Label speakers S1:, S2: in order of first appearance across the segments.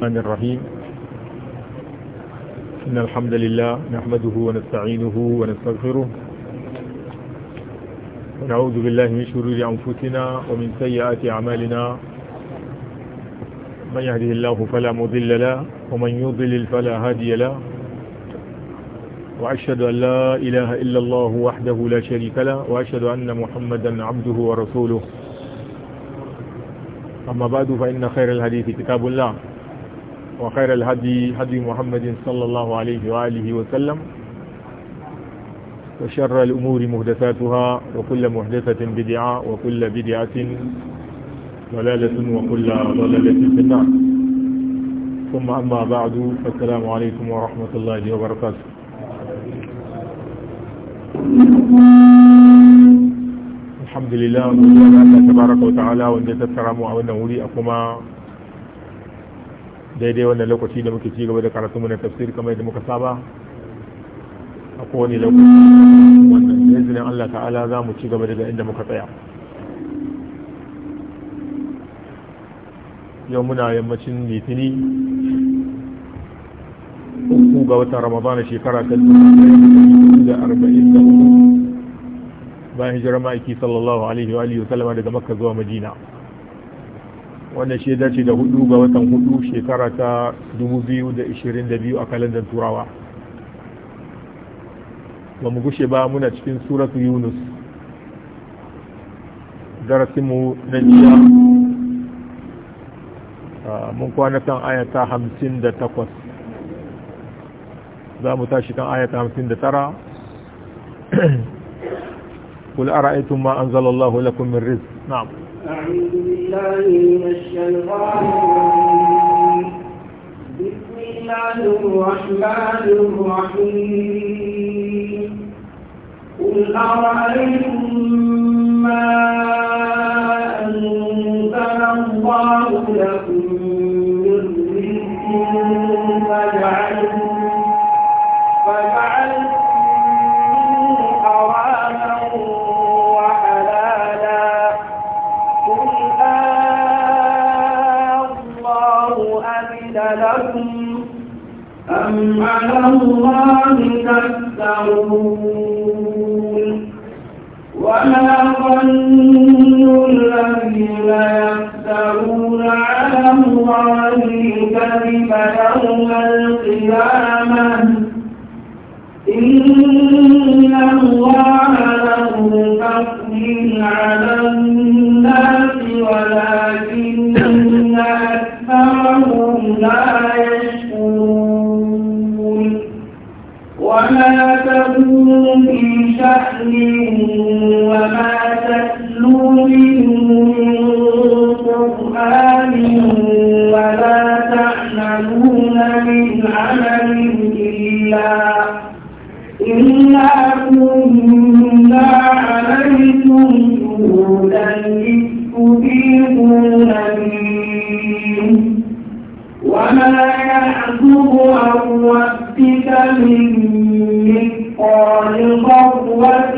S1: الرحمن الرحيم إن الحمد لله نحمده ونستعينه ونستغفره ونعوذ بالله من شرور أنفسنا ومن سيئات أعمالنا من يهده الله فلا مضل له ومن يضلل فلا هادي له وأشهد أن لا إله إلا الله وحده لا شريك له وأشهد أن محمدا عبده ورسوله أما بعد فإن خير الحديث كتاب الله وخير الهدي هدي محمد صلى الله عليه وآله وسلم وشر الأمور مهدثاتها وكل مهدثة بدعة وكل بدعة ضلالة وكل ضلالة في النار ثم أما بعد فالسلام عليكم ورحمة الله وبركاته الحمد لله والله تبارك وتعالى وانت تترموا أو نولي أكما daidai wannan lokaci da muke ci gaba da karatu na tafsir kamar da muka saba a kowane lokaci wannan da izinin Allah ta'ala za mu ci gaba daga inda muka tsaya yau muna yammacin litini uku ga watan ramadana shekara ta da arba'in da bayan hijirar ma'aiki sallallahu alaihi wa sallama daga makka zuwa madina Wannan shi dace da hudu ga watan hudu shekara ta 2022 a kalandar turawa ba mu gushe ba muna cikin suratu yunus darasinmu na jiya mun kwana kan ayata 58 za mu tashi kan ayata 59 قل أرأيتم ما أنزل الله لكم من رزق
S2: نعم أعوذ بالله من الشيطان الرجيم بسم الله الرحمن الرحيم قل أرأيتم ما أنزل الله لكم على الله وما الذين على الله يوم القيامة إن الله له تفضيل على ما يحسب أن ربك من مثقال قوة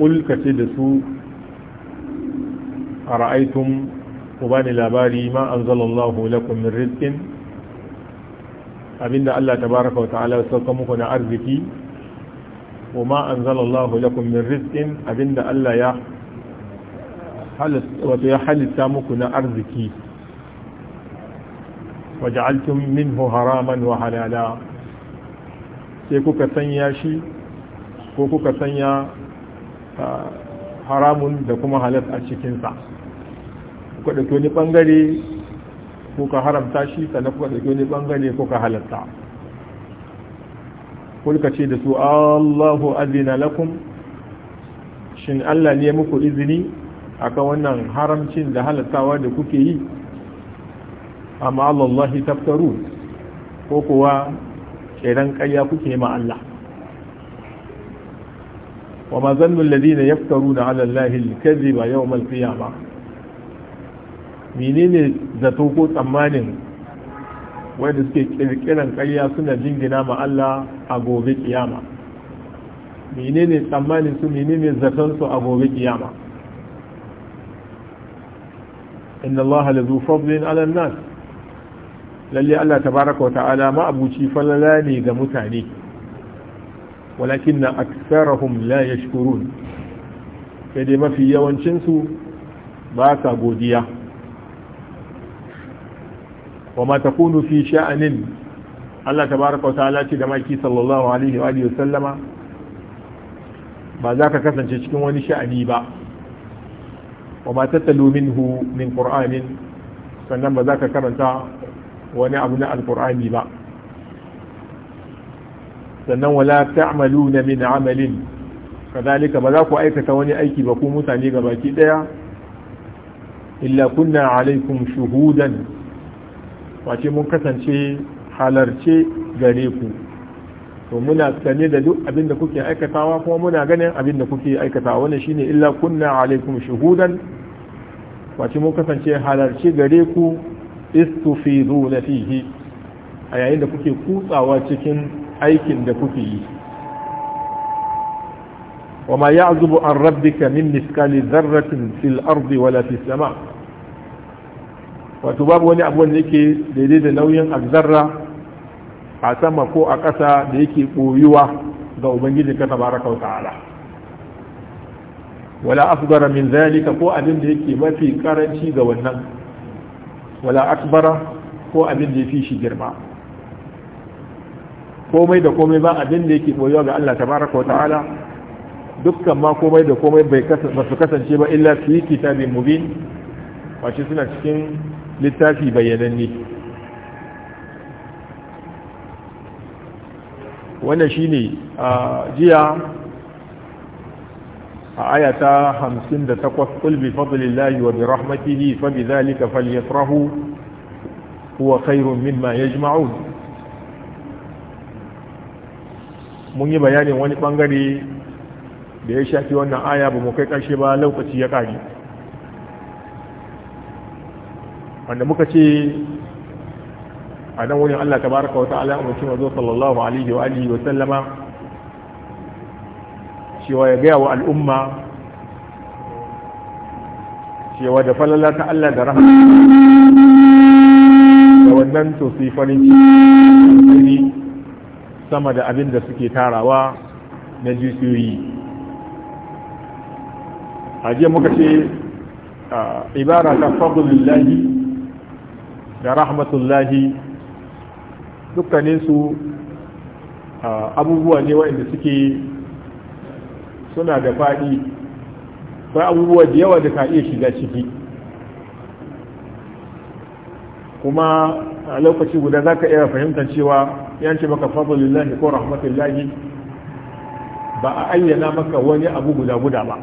S1: ƙulkace da su a ra'aitun ku ba ni labari ma an zalallahu lakum min rizkin abinda Allah ta baraka wa ta'ala sauka muku na arziki wa ma an zalallahu lakum min rizkin abinda Allah ya wato ya halitta muku na arziki waja'altum minhu haraman wa halala sai kuka sanya shi ko kuka sanya haramun da kuma halas a cikinsa kuka ɗauki wani ɓangare kuka haramta shi sannan kuka ɗauki wani ɓangare kuka halasta kulka ce da su allahu azina lakum shin allah ne muku izini akan wannan haramcin da halastawa da kuke yi amma allallahi taftaru ko kuwa ƙeran ƙarya kuke ma allah wa ma zannu alladhina yaftaruna ala allahi al-kadhiba yawm al-qiyamah menene zato ko tsammanin wanda suke kirkiran ƙarya suna jingina ma Allah a gobe kiyama menene tsammanin su menene zaton a gobe kiyama inna Allah la zu fadlin ala nas lalle Allah tabaaraka wa ta'ala ma abuci falala ne ga mutane walakin na aksarahum la yashkurun sai dai mafi yawancinsu ba sa godiya wa ma takunu fi sha'anin Allah tabaraka wa ta'ala ce da maki sallallahu alaihi wa alihi sallama ba za ka kasance cikin wani sha'ani ba wa ma tattalu minhu min qur'anin sannan ba za ka karanta wani abu na alqur'ani ba sannan wala na min amalin kadhalika ba za ku aikata wani aiki ba ku mutane gabaki daya illa kunna alaikum shuhudan wace mun kasance halarce gare ku to muna sane da duk abin da kuke aikatawa kuma muna ganin abin da kuke aikatawa wannan shine illa kunna alaikum shuhudan wace mun kasance halarce gare ku istufiduna fihi a yayin da kuke kutsawa cikin aikin da kuke yi wa ya ya'zubu an rabbika min miskali dharratin fil ardi wala fis wato babu wani abu wanda yake daidai da nauyin azzarra a sama ko a ƙasa da yake ɓoyuwa ga ubangiji ka tabaraka wa ta'ala wala asbara min zalika ko abin da yake mafi karanci ga wannan wala akbara ko abin da ya fi shi girma komai da komai ba abin da yake koyo ga Allah tabaraka wa ta'ala dukkan ma komai da komai bai su kasance ba illa fi kitabin mubin wace suna cikin littafi bayyananne wannan shine a jiya a ayata 58 qul bi fadlillahi wa bi rahmatihi fa bi dhalika falyafrahu huwa khairun mimma yajma'un mun yi bayanin wani bangare da ya shafi wannan aya ba mu kai ƙarshe ba lokaci ya kare wanda muka ce a nan wurin Allah tabaraka wa ta'ala mutum mazo sallallahu alaihi wa alihi wa sallama cewa ya gaya wa al'umma cewa da falala ta Allah da rahama da wannan to su farin ciki sama da abin da suke tarawa na jisiyoyi a jiya muka ce ibara ta fadlillahi da rahmatullahi dukkaninsu abubuwa ne waɗanda suke suna da faɗi ba abubuwa da yawa da ka iya shiga ciki kuma a lokaci guda za ka iya fahimtar cewa ya ce maka fadlillahi ko rahmatullahi ba a ayyana maka wani abu guda guda ba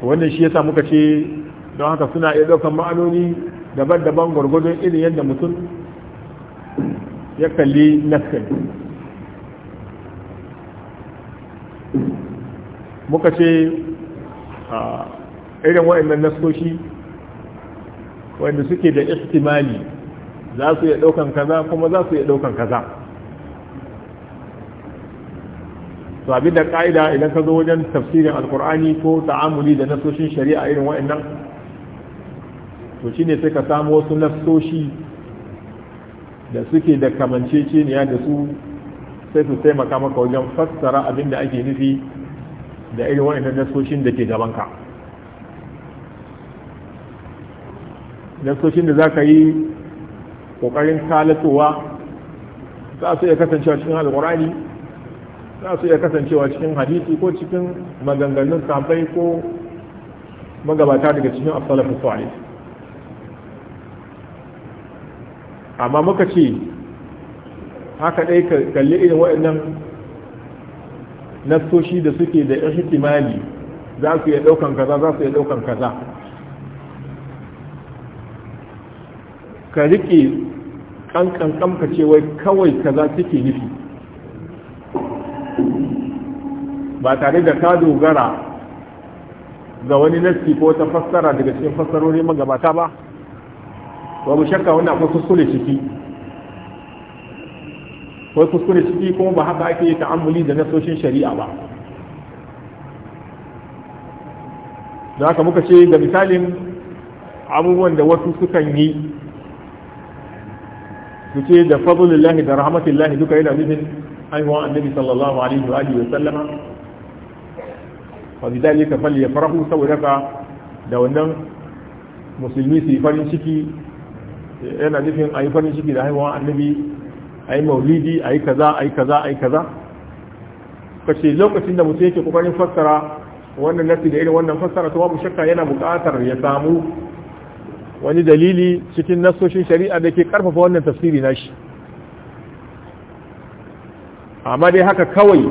S1: wannan shi yasa muka ce don haka suna iya ɗaukar ma'anoni daban-daban gwargwadon irin yadda mutum ya kalli naskan muka ce irin wa'annan naskoshi wanda suke da ihtimali za su iya ɗaukan kaza kuma za su iya ɗaukan kaza to abin da ƙa'ida idan ka zo wajen tafsirin alkur'ani ko ta'amuli da nasoshin shari'a irin wa'annan to shi ne sai ka samu wasu nasoshi da suke da kamanceceniya da su sai su taimaka maka wajen fassara abin da ake nufi da irin wa'annan nasoshin da ke gabanka nasoshin da za ka yi kokarin kalatowa za su iya kasancewa cikin alkurani za su iya kasancewa cikin hadisi ko cikin maganganun sabai ko magabata daga cikin asalafin salih amma muka ce haka ɗai kalli irin waɗannan nassoshi da suke da ihtimali za su iya ɗaukan kaza za su iya ɗaukan kaza ka rike ƙanƙan ka ce wai kawai kaza take nufi ba tare da ka dogara ga wani nassi ko ta fassara daga cikin fassarori magabata ba Ba mu shakka wannan akwai kuskure ciki akwai kuskure ciki kuma ba haka ake ta'ammuli da nasoshin shari'a ba da haka muka ce ga misalin abubuwan da wasu sukan yi su ce da fadlillahi da rahmatillahi duka yana nufin haihuwa annabi sallallahu alaihi wa alihi wa sallama fa bidalika falyafrahu saboda ka da wannan musulmi su farin ciki yana nufin a yi farin ciki da haihuwa annabi a yi maulidi a yi kaza a yi kaza a yi kaza kace lokacin da mutum yake kokarin fassara wannan nasi da irin wannan fassara to babu shakka yana buƙatar ya samu wani dalili cikin nasoshin shari'a da ke karfafa wannan tafsiri nashi amma dai haka kawai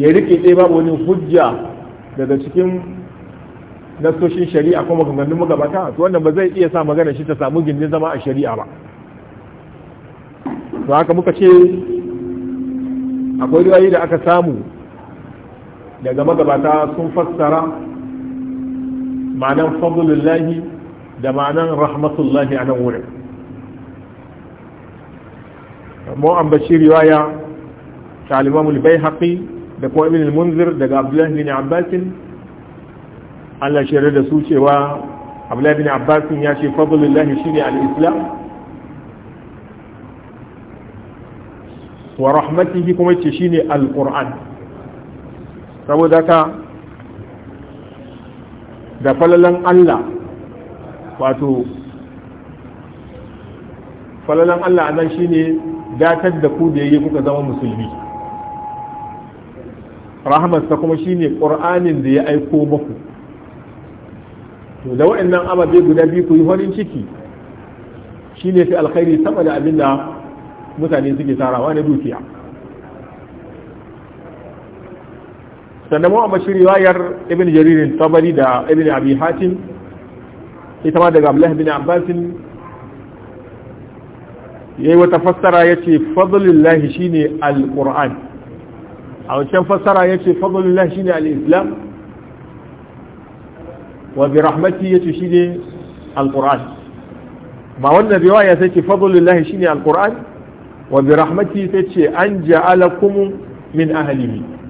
S1: ya rike ɗaya babu wani hujja daga cikin nasoshin shari'a kuma maganganun magabata to wannan ba zai iya sa magana shi ta samu gindin zama a shari'a ba to haka muka ce akwai riwayi da aka samu daga magabata sun fassara ma'anan fadlullahi da ma'anan rahmatullahi a nan wurin mu ambaci riwaya ta alimamul bai da kuma ibn munzir daga abdullahi bin abbas allah shirye da su cewa abdullahi bin abbas ya ce fadlullahi shi ne islam wa rahmatihi kuma ce shi ne quran saboda ka da falalan Allah wato falalan Allah anan ne datar da ku da yayi kuka zama musulmi rahmat ta kuma shi ne ƙur'anin da ya aiko muku to da waɗannan ababe guda biyu ku yi farin ciki shi ne fi alkhairi sama da abin da mutane suke tarawa na dukiya sannan mu amma riwayar ibn jarir tabari da ibn abi hatim ita ma daga abdullah ibn abbas yayi wata fassara yace fadlullah shine alquran a wancan fassara yace fadlullah shine alislam wa bi rahmati yace shine alquran ma wannan riwaya sai ce fadlullah shine alquran wa bi rahmati sai ce an ja'alakum min ahlihi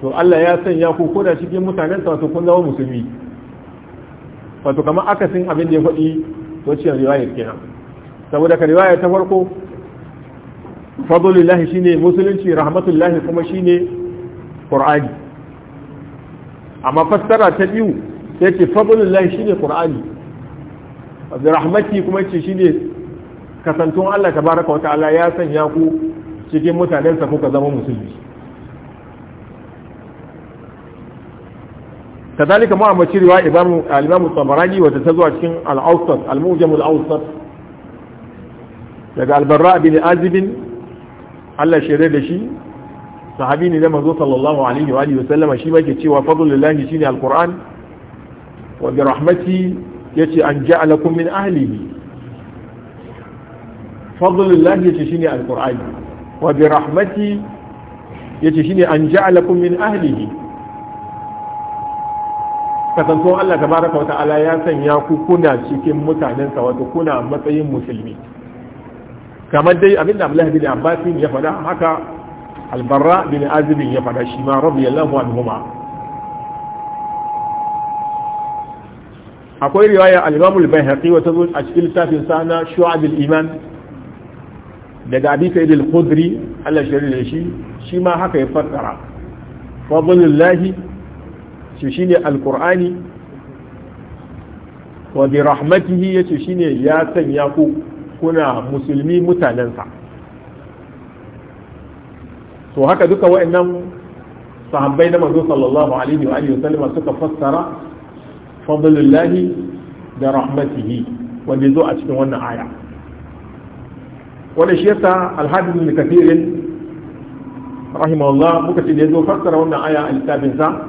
S1: to Allah ya sanya ku koda cikin mutanen sa to kun zama musulmi wato kamar akasin abin da ya faɗi to ciyar riwaya kenan saboda ka riwaya ta farko fadlullahi shine musulunci rahmatullahi kuma shine qur'ani amma fassara ta biyu sai ce fadlullahi shine qur'ani da rahmati kuma ce shine kasantun Allah tabaraka wa ta'ala ya sanya ku cikin mutanen sa kuka zama musulmi كذلك ما عم تشير إمام الإمام الطبراني وتسوى كين الأوسط الموجم الأوسط لقى البراء بن آزب على شرير شي صحابين لما صلى الله عليه وآله وسلم شي ما كتشي وفضل الله يشيني القرآن وبرحمتي يتي أن جعلكم من أهله فضل الله يتشيني القرآن وبرحمتي يتشيني أن جعلكم من أهله kasanto Allah tabaraka wata'ala ya sanya ku kuna cikin mutanensa wato kuna matsayin musulmi kamar dai abinda Abdullahi bin Abbas ya faɗa haka Albarra bin Azib ya faɗa shi ma radiyallahu anhuma akwai riwaya al-Imam al-Baihaqi wata zo a cikin littafin sa na Shu'ab al-Iman daga Abi Sa'id al-Khudri Allah shirye shi shi ma haka ya fassara fadlullahi ce shine alkur'ani wa bi rahmatihi yace shine ya sanya ku kuna musulmi mutanensa to haka duka wa'annan sahabbai na manzo sallallahu alaihi wa alihi wasallama suka fassara fadlullahi da rahmatihi wanda zo a cikin wannan aya wanda shi yasa alhadith ibn kathir rahimahullah muka ce da yazo fassara wannan aya a littafinsa?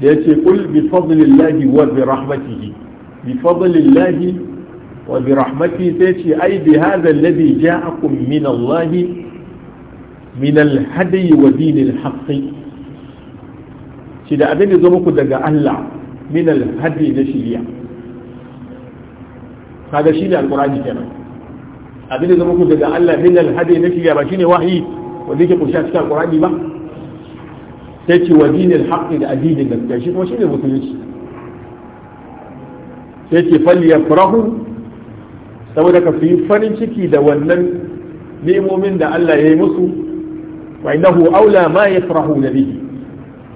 S1: da yace kul bi fadlillahi wa bi rahmatihi bi fadlillahi wa bi rahmatihi sai ce ai bi hadha alladhi ja'akum min Allah min al-hadi wa din al-haqq shi da abin da zo muku daga Allah min al-hadi na shiriya kaga shine alqur'ani kenan abin da zo muku daga Allah min al-hadi na shiriya ba shine wahayi wanda yake kunsha cikin alqur'ani ba sai ce wa dinil haƙƙi da addinin gaskiya shi kuma shine musulunci sai ce falli yafrahu saboda ka fi farin ciki da wannan nemomin da Allah ya yi musu wa innahu aula ma yafrahu bihi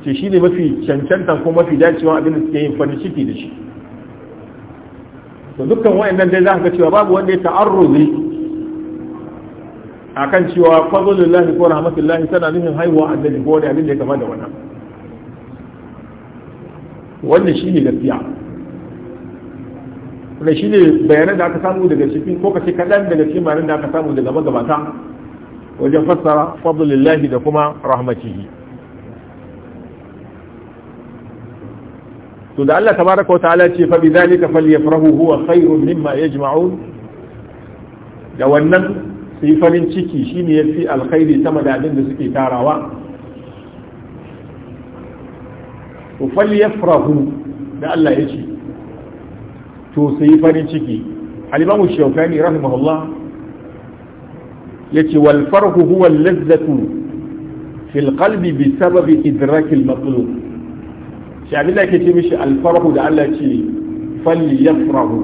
S1: ce shine mafi cancanta ko mafi dacewa abin da suke yin farin ciki da shi to dukkan wayannan dai za ka ga cewa babu wanda ya ta'arruzi akan cewa fadlullahi ko rahmatullahi tana nufin haihuwa annabi ko wani abin da ya kama da wannan wannan shine gaskiya wannan shine bayanan da aka samu daga cikin ko kace kadan daga cikin bayanan da aka samu daga magabata wajen fassara fadlullahi da kuma rahmatihi to da Allah tabaraka wa ta'ala ce fa bi zalika falyafrahu huwa khairun mimma yajma'un da wannan su yi farin ciki shine yafi alkhairi sama da abin da suke tarawa to falyafrahu da Allah ya ce to su yi farin ciki al shaukani rahimahullah yace wal farhu huwa al-lazzatu fi al-qalb bi sababi idrak al-matlub shi abin da yake ce mishi al-farhu da Allah ce falyafrahu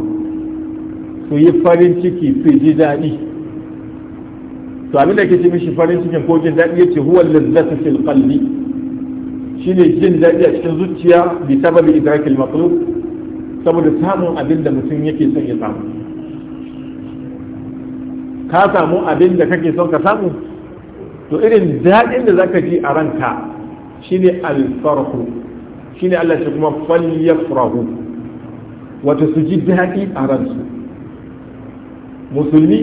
S1: su yi farin ciki su ji daɗi to abin da ke ce mishi farin cikin ko jin daɗi ce huwa lizzatu fil qalbi shine jin daɗi a cikin zuciya bi sababi idrakil maqlub saboda samun abin da mutum yake son ya samu ka samu abin da kake son ka samu to irin daɗin da zaka ji a ranka shine alfarhu shine Allah ya kuma falyafrahu wato su ji daɗi a ransu musulmi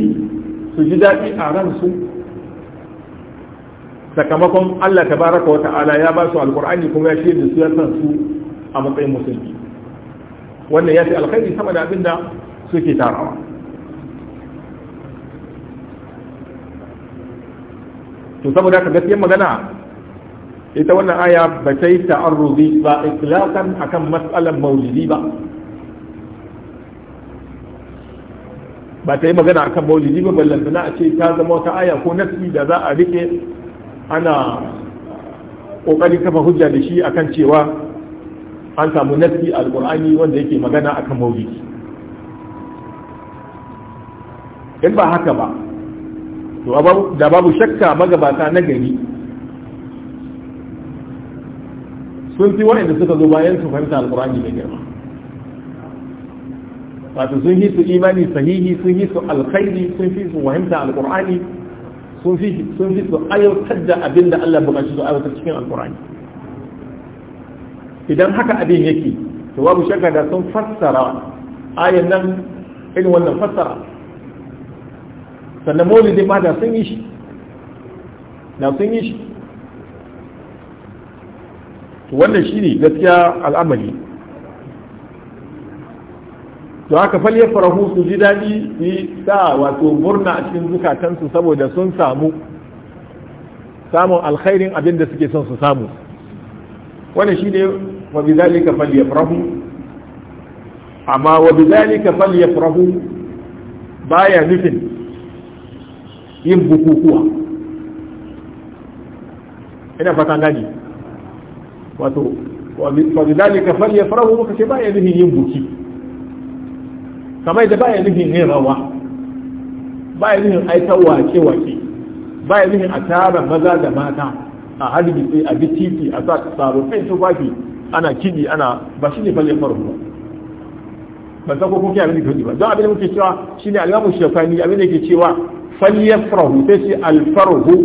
S1: su ji daɗi a ransu sakamakon Allah ta baraka wa ta'ala ya ba su alqur'ani kuma ya shirya su ya su a matsayin musulmi wannan ya fi alkhairi sama da abinda suke tarawa to saboda ga gaskiyar magana ita wannan aya ba ta yi ta'arruzi ba itlaqan akan mas'alan maulidi ba ba ta yi magana akan maulidi ba ballantana a ce ta zama wata aya ko nasi da za a rike ana ƙoƙarin kafa hujja da shi akan cewa an samu nafi alƙur'ani wanda yake magana akan maulidi in ba haka ba to da babu shakka magabata na gari sun fi da suka zo bayan su fahimta alƙur'ani da girma wato sun yi su imani sahihi sun yi su alkhairi sun fi su fahimta alƙur'ani sun fi su aiwatar da abin da Allah buƙaci su aiwatar cikin alkurani idan haka abin yake to babu shakka da sun fassara ayan nan irin wannan fassara sannan maulidin ma da sun yi shi da sun yi shi wannan shi ne gaskiya al'amari to haka falye farahu su ji dadi su yi sa wato murna a cikin zukatansu saboda sun samu samun alkhairin abin da suke son su samu wani shi ne wa bidhalika falye farahu? amma wa bidhalika fal farahu baya nufin yin bukukuwa ina fata gani wato wa ka falye farahu muka ce baya nufin yin buki kamar da baya nufin yin rawa baya nufin aitar wake wake baya nufin a tara maza da mata a hargitse a bi titi a sa sarufin baki ana kidi ana ba shi ne falle faru ba ban san ko kun kiyaye abin da kuke ba don abin da muke cewa shine al-imamu shafani abin da yake cewa falyafrahu sai shi al-farhu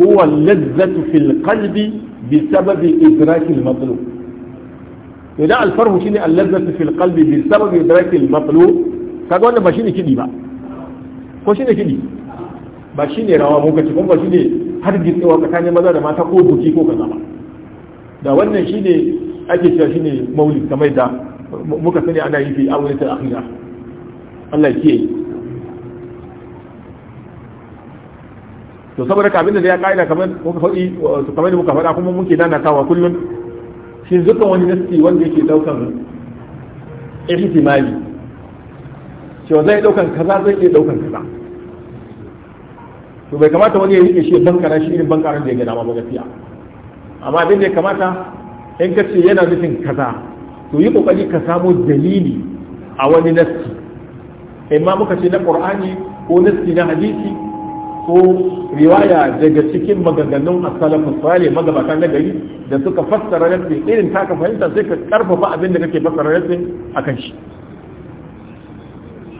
S1: huwa al-ladzatu fil qalbi bi sababi idraki al-matlub idan al-farhu shine al-ladzatu fil qalbi bi sababi idraki al-matlub kaga wannan ba shine kidi ba ko shine kidi ba shine rawa mun kace kuma ba shine har tsawa tsakanin maza da mata ko buki ko kaza ba da wannan shine ake cewa shine maulid kamar da muka sani ana yi fi awlatul akhira Allah ya kiyaye to saboda ka abinda da ya ka'ida kamar muka faɗi kamar da muka faɗa kuma muke nanatawa kullum shi dukkan wani nasti wanda yake daukan ihtimali cewa zai daukan kaza zai iya daukan kaza to bai kamata wani ya yi shi bankara shi irin bankaran da ya gada ba gaskiya amma abin da ya kamata in ka ce yana nufin kaza to yi kokari ka samu dalili a wani nassi ma muka ce na qur'ani ko nassi na hadisi ko riwaya daga cikin maganganun as salafu salih magabata na gari da suka fassara nassi irin taka fahimta sai ka karfafa abin da kake fassara nassi akan shi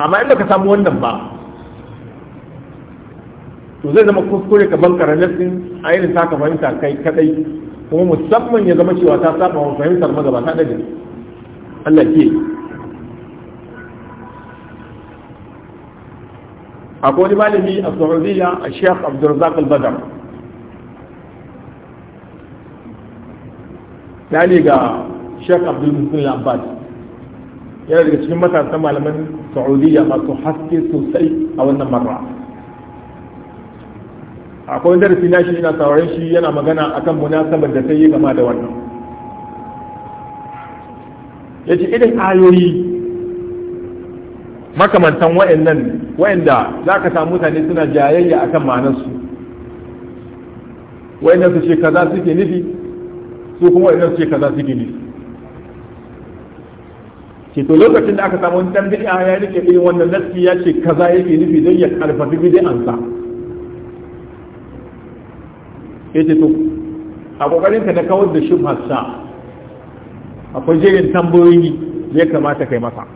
S1: amma in ka samu wannan ba to zai zama kuskure ka bankara nassin a irin taka fahimta kai kadai kuma musamman ya zama cewa ta saba wa fahimtar magabata da jini Allah ke akwai wani malami a sauranziya a sheikh abdulrazak al-badar ya ne ga sheikh abdulmusul abbas yana daga cikin matasan malaman saudiya masu haske sosai a wannan marra akwai darasi na shi yana sauraron shi yana magana a kan munasabar da sai yi gama da wannan ya ce irin ayoyi makamantan wa'annan wa'anda za ka samu mutane suna jayayya kan ma'anarsu wa'annan su ce kaza suke nufi su kuma wa'annan su ce kaza suke nufi ke to lokacin da aka samu wani dan bid'a ya rike iri wannan nasi ya ce kaza yake nufi don ya karfafi bid'an sa yace to a kokarin ka da kawar da shubhar sa akwai jerin tambayoyi da ya kamata kai masa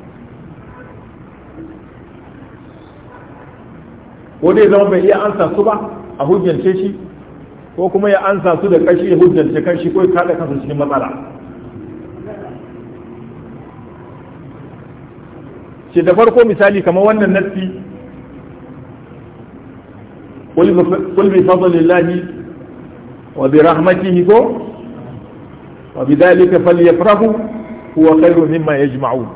S1: ko dai zama bai iya ansa su ba a hujjance shi ko kuma ya ansa su da kashi ya hujjance shi ko ya kada kansu cikin matsala ce da farko misali kamar wannan nassi qul bi fadlillahi wa bi rahmatihi ko wa bi dhalika falyafrahu huwa khairu mimma yajma'un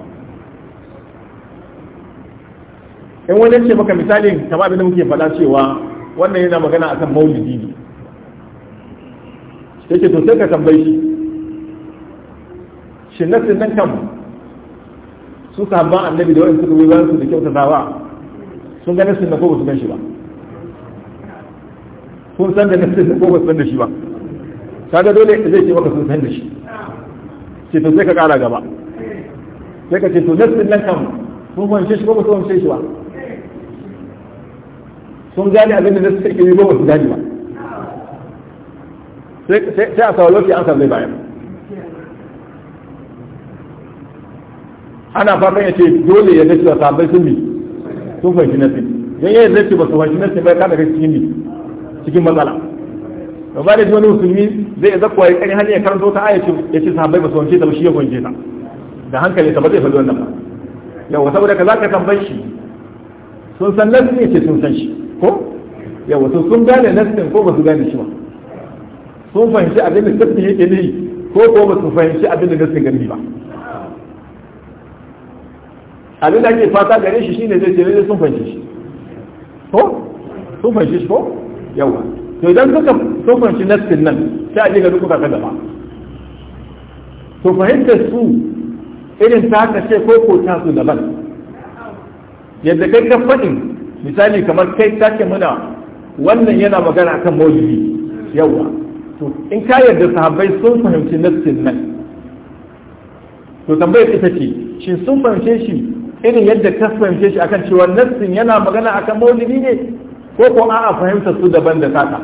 S1: in wani ce maka misalin kamar abin da muke faɗa cewa wannan yana magana akan maulidi ne yake to sai ka tambayi shi shi nassin nan kan su sahabban annabi da wa'in suka bayan su da kyautatawa sun ga sun ko ba su shi ba sun san da nassin da ko ba su san da shi ba kaga dole zai ce maka sun san da shi ce to sai ka kara gaba sai ka ce to nassin nan kan sun wance shi ko ba su wance shi ba sun gane abin da nassin take yi ko ba su gane ba sai a sawa lokaci an samu bayan ana fatan ya ce dole ya dace da sahabbai sun bi sun fahimci nasi don ya yarda ce ba su fahimci nasi bai ka daga cikin bi cikin matsala ba ba da wani musulmi zai ya zakkuwa ya kani hali ya karanto ta aya ya ce sahabbai ba su fahimce ta ba shi ya fahimce ta da hankali ta ba zai faɗi wannan ba yawa saboda ka zaka tambayi shi sun san nasi ne ce sun san shi ko yawa sun sun gane nasin ko ba su gane shi ba sun fahimci abin da sassi yake ne ko ko ba su fahimci abin da nasin gani ba abin da ake fata gare shi shine zai ce sun fanshi shi ko sun fanshi shi ko yawa to idan suka sun fanshi nassin nan sai a je duka ka gaba to fahimtar su irin ta haka ce ko ko ta su daban yadda kai ka faɗin misali kamar kai take muna wannan yana magana kan maulidi yawa to in ka yarda sahabbai sun fahimci nassin nan to tambayar ita ce shin sun fahimce shi irin yadda ka fahimce shi akan cewa nassin yana magana akan maulidi ne ko ko a'a fahimta su daban da kaka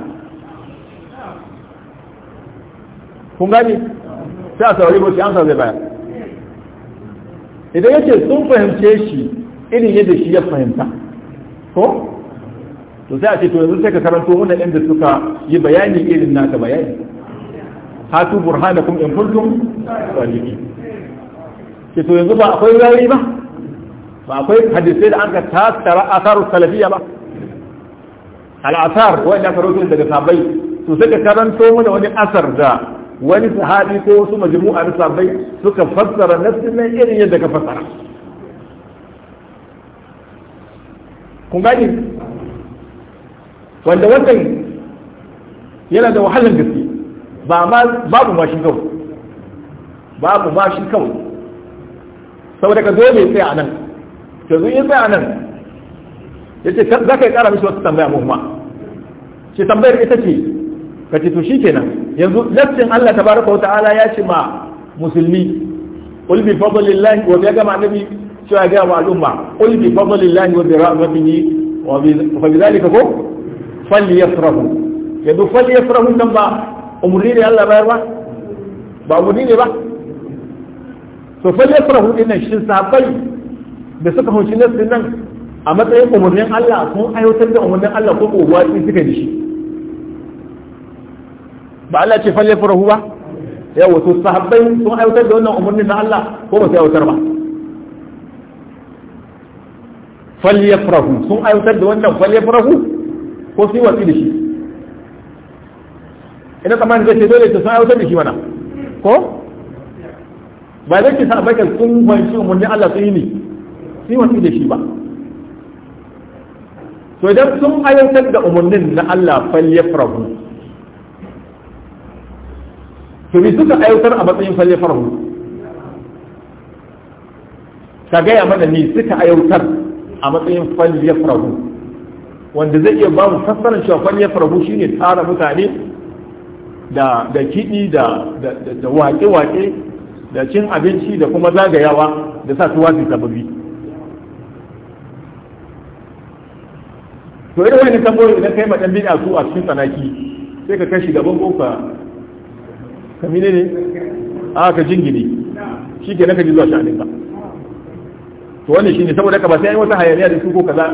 S1: kun gani sai a saurari ko shi an zai baya idan yace sun fahimce shi irin yadda shi ya fahimta ko to sai a ce to yanzu sai ka karanto mana inda suka yi bayani irin naka bayani hatu burhanakum in kuntum salihin ke to yanzu ba akwai rayi ba ba akwai hadisai da an ka tattara asarar salafiya ba al'asar wanda aka rokin daga sabai to suka karanto mana wani asar da wani sahabi ko wasu majmu'a na sabai suka fassara nassin nan irin yadda ka fassara kun gani wanda wannan yana da wahalar gaske ba ma babu ma shi kawai babu ma shi kawai saboda ka zo mai tsaya a nan yanzu in tsaya nan ya ce za ka yi kara mishi wasu tambaya mun shi tambayar ita ce ka ce to kenan yanzu lafcin Allah baraka wata ala ya ce ma musulmi ulbi fadalin lahi wa biya gama nabi cewa gaya wa al'umma ulbi fadalin lahi wa bi rahmatihi wa bi zalika ko falyafrahu yanzu falyafrahu nan ba umurni ne Allah bayar ba ba umri ne ba to falyafrahu din nan shi sabai da suka hunci nassin nan a matsayin umarnin Allah sun aiwatar da umarnin Allah ko kowa sun suka da shi ba Allah ce falle furahu ba ya wato sahabbai sun aiwatar da wannan umarnin na Allah ko ba su aiwatar ba falle furahu sun aiwatar da wannan falle furahu ko su yi watsi da shi ina tsammanin zai ce dole ta sun aiwatar da shi mana ko ba zai ce sahabbai kan sun kwanci umarnin Allah sun yi ne sai yi da shi ba to idan sun ayyantar da umarnin na Allah farahu to bi suka ayyantar a matsayin farahu ka gaya mana ni suka ayyantar a matsayin farahu wanda zai iya ba mu fassarar cewa shi shine tara mutane da da kiɗi da da waƙe-waƙe da cin abinci da kuma zagayawa da sa tuwafi sababi to irin wani tambayoyi idan kai madan bid'a su a cikin tsanaki sai ka kashi gaban kofa ka mine ne a ka jingine shi ke naka ji zuwa sha'anin ka to wannan ne saboda ka ba sai an wata hayaniya da su ko kaza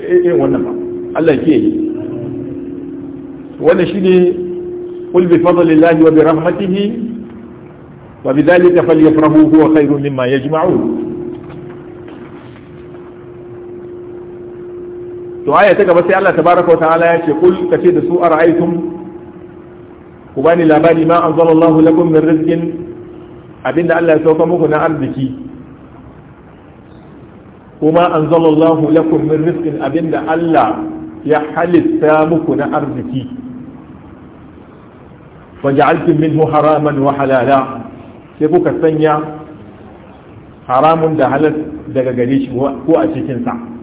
S1: eh, irin wannan ba Allah ke yi wannan shi ne bi fadlillahi wa bi rahmatihi wa bi dhalika falyafrahu huwa ya mimma yajma'un to aya ta gaba sai Allah tabaraka wa ta'ala ya ce kul kace da su ara'aytum ku bani labari ma anzalallahu lakum min rizqin abinda Allah ya sauka muku na arziki kuma anzalallahu lakum min rizqin abinda Allah ya halitta muku na arziki waja'altum minhu haraman wa halala sai kuka sanya haramun da halal daga gare shi ko a cikin sa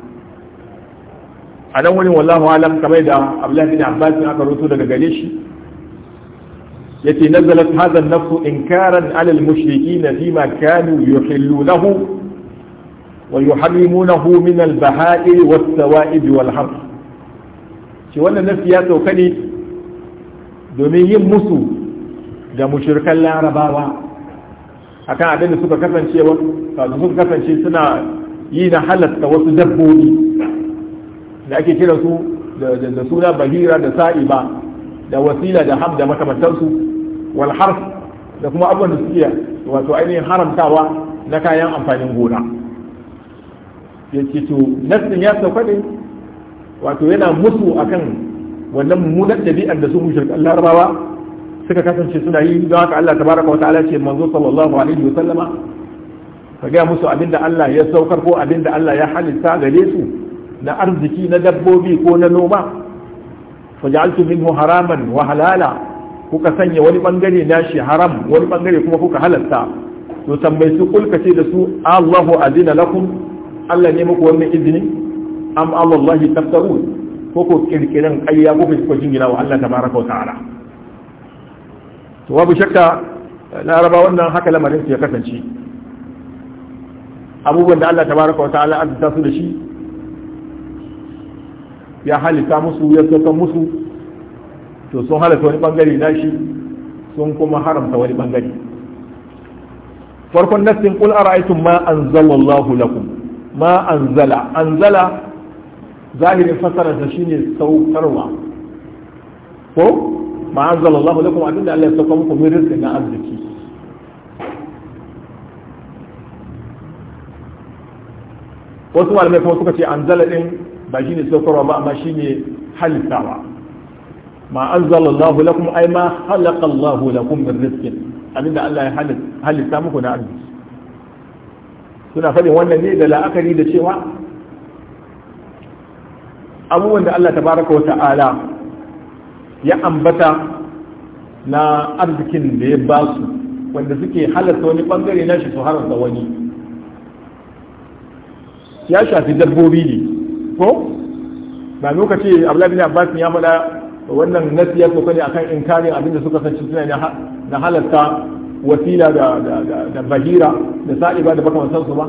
S1: a nan wurin wallahu alam kamar da abdullahi bin abbas aka rutu daga gare shi yace nazalat hadha an-nafsu inkaran 'ala al-mushrikeen fima kanu yuhillunahu wa yuharrimunahu min al-baha'ir was-sawa'id wal-harb shi wannan nafsi ya sauka ne domin yin musu da mushrikan larabawa akan abin da suka kasance suka kasance suna yi na halatta wasu dabbobi da ake kira su da suna bahira da sa'iba da wasila da hamda da makamantarsu wal harf da kuma abubuwan da suke wato ainihin haramtawa na kayan amfanin gona ya ce to nassin ya sauka ne wato yana musu akan wannan mummunan ɗabi'ar da su mushrikan larabawa suka kasance suna yi don haka Allah tabaraka wa ta'ala ce manzo sallallahu alaihi wa sallama ka ga musu abinda Allah ya saukar ko abinda Allah ya halitta gare su na arziki na dabbobi ko na noma faj'altu minhu haraman wa halala kuka sanya wani bangare nashi haram wani bangare kuma kuka halarta to tambayi su kulka ce da su Allahu azina lakum Allah ne muku wannan izini am Allah taftarun ko ko kirkiran ko kuka jingina wa Allah tabaraka wa ta'ala to babu shakka raba wannan haka lamarin su ya kasance abubuwan da Allah tabaraka wa ta'ala azza su da shi ya halitta musu ya sauka musu to sun halatta wani bangare na shi sun kuma haramta wani bangare farkon nassin qul ara'aytum ma anzalallahu lakum ma anzala anzala zahirin fasara ta shine saukarwa ko ma anzalallahu lakum abinda Allah ya sauka muku min rizqin na arziki wasu malamai kuma suka ce anzala din ba shi ne saukarwa ba amma shi shine halittawa ma anzalallahu lakum ai ma khalaqa Allahu lakum min rizqin abinda Allah ya halitta muku na arziki suna faɗin wannan ne da la'akari da cewa abubuwan da Allah tabaraka wa ta'ala ya ambata na arzikin da ya ba su wanda suke halatta wani bangare na shi su haramta wani ya shafi dabbobi ne ko ba lokaci abdullahi ne abbas ya faɗa wannan nasiya ko sauka akan inkarin abinda suka san suna na halatta wasila da da bahira da sa'iba da baka san su ba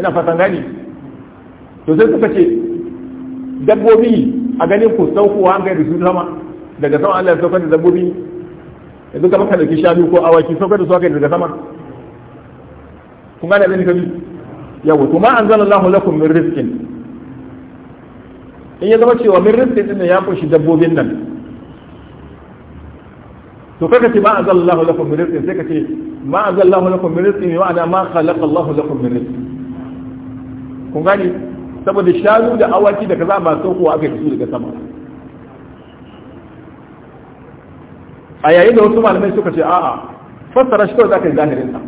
S1: ina fatan gani to sai suka ce dabbobi a ganin ku saukowa an da su sama daga sama Allah ya saukar da dabbobi yanzu kamar ka dauki shanu ko awaki saukar da su aka daga sama kun gane abin da kabi yawa to ma anzalallahu lakum min rizqin in ya zama cewa min rizqi din ya kunshi dabbobin nan to kaka ce ma azallahu lakum min rizqi sai ka ce ma azallahu lakum min rizqi ne ma'ana ma khalaqa Allahu lakum min rizqi kun gani saboda shanu da awaki da kaza ba sauko aka yi daga sama a yayin da wasu malamai suka ce a'a fassara shi kawai zaka yi zahirin sa